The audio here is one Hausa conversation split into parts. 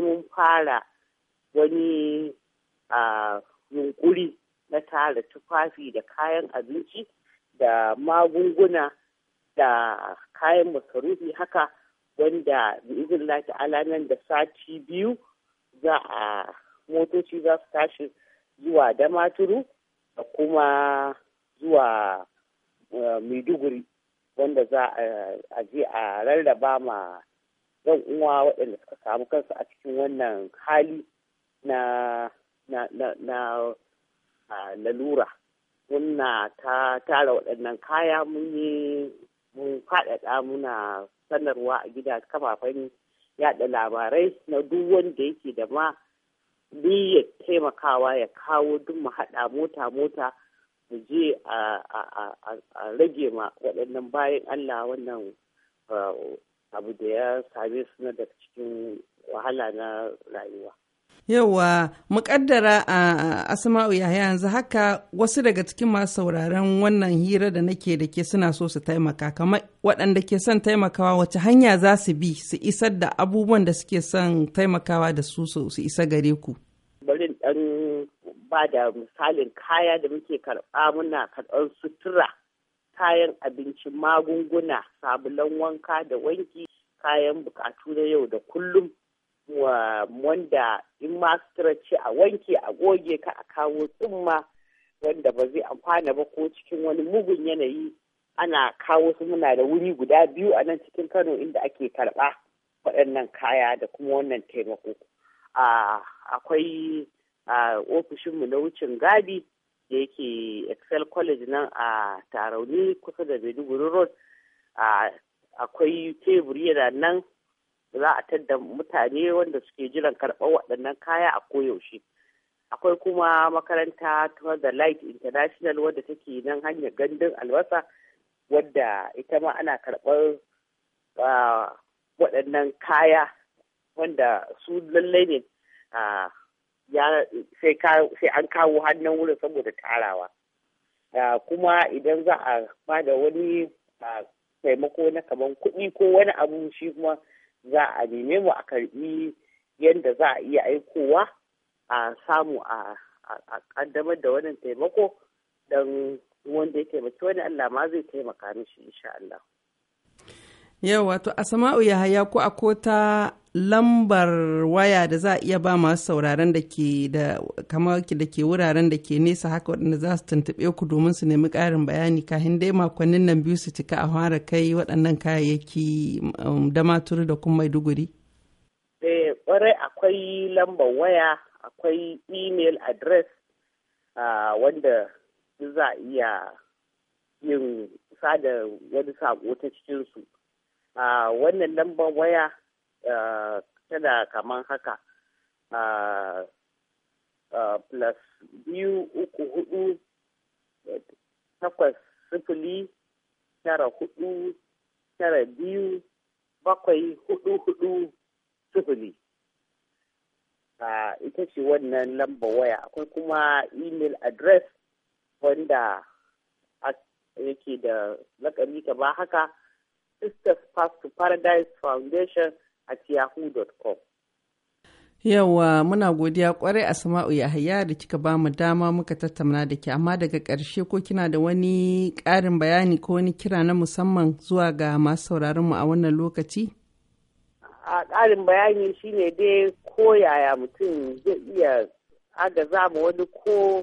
yanzu mun fara wani yunkuri na tara tufafi da kayan abinci da magunguna da kayan masarufi haka wanda izin lati alanan da sati biyu za a motoci za su tashi zuwa damaturu da kuma zuwa eh, maiduguri wanda za a je a rarraba ma yan uwa waɗanda suka samu kansu a cikin wannan hali na na na lalura muna ta tara waɗannan kaya mun yi mun faɗaɗa muna sanarwa a gida kafafen yaɗa labarai na duk wanda yake da ma ya taimakawa ya kawo duk mu haɗa mota-mota mu je a rage ma waɗannan bayan Allah wannan uh, abu da ya same su na daga cikin wahala na rayuwa. Yauwa, mukaddara a Asma'u Yahaya yanzu haka wasu daga cikin masu sauraron wannan hira da nake da ke suna so su taimaka, kamar waɗanda ke son taimakawa wace hanya za su bi su isar da abubuwan da suke son taimakawa da su su isa gare ku. Bari ɗan ba da misalin kaya da muke karɓa muna karɓar sutura kayan abinci magunguna sabulan wanka da wanki kayan bukatu na yau da kullum wanda in ma ce a wanke a goge ka a kawo tsumma wanda ba zai amfana ba ko cikin wani mugun yanayi ana kawo su muna da wuri guda biyu a nan cikin kano inda ake karɓa waɗannan kaya da kuma wannan taimako ah, akwai ah, ofishinmu na wucin gadi da yake excel college nan a tarauni kusa da maiduguri road akwai teburi yana nan za a tadda mutane wanda suke jiran karɓar waɗannan kaya a koyaushe akwai kuma makaranta ta da light international wadda take nan hanyar gandun albasa wadda ita ma ana karɓar waɗannan kaya wanda su lallai ne sai an kawo hannun wurin saboda tarawa ah, kuma idan za a ba da wani ah, taimako na kaman kuɗi ko wani abu shi kuma za a neme mu a karɓi yadda za a iya aikowa a samu a kaddamar da wani taimako don wanda ya taimaki wani Allah ma zai taimaka mishi insha Allah. Yau wato Asama'u Yahaya ko ako ta lambar waya da za a iya ba masu sauraron da ke da kamar da ke wuraren da ke nesa haka waɗanda za su tuntuɓe ku domin su nemi ƙarin bayani kafin dai makonnin nan biyu su cika a fara kai waɗannan kayayyaki um, da maturu da kuma maiduguri. Eh, ƙwarai akwai lambar waya, akwai email address uh, wanda za a iya yin sada wani saƙo ta cikinsu. a wannan lambar waya tana kamar haka plus biyu uku hudu takwas sifili tara hudu tara biyu bakwai hudu hudu sifili ita ce wannan lambar waya akwai kuma email address wanda yake da ka ba haka Sisters pass to Paradise Foundation at yahoo.com. Yawa muna godiya kwarai a sama'u Yahaya da kika ba mu dama muka tattauna da ke amma daga ƙarshe ko kina da wani ƙarin bayani ko wani kira na musamman zuwa ga masu sauraron mu a wannan lokaci? A ƙarin bayani shine dai ko yaya mutum zai iya agaza ma wani ko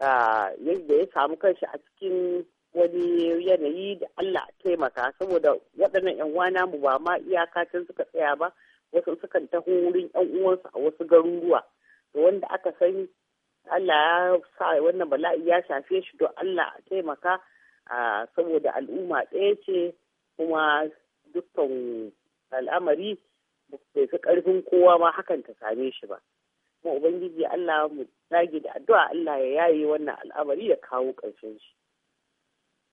ah, yadda ya samu kanshi a cikin wani yanayi da Allah taimaka saboda waɗannan 'yan uwana mu ba ma can suka tsaya ba wasu sukan taho wurin 'yan uwansu a wasu garuruwa to wanda aka sani Allah ya sa wannan bala'i ya shafe shi don Allah taimaka saboda al'umma ɗaya ce kuma dukkan al'amari bai fi ƙarfin kowa ma hakan ta same shi ba kuma ubangiji Allah mu dage da addu'a Allah ya yaye wannan al'amari ya kawo ƙarshen shi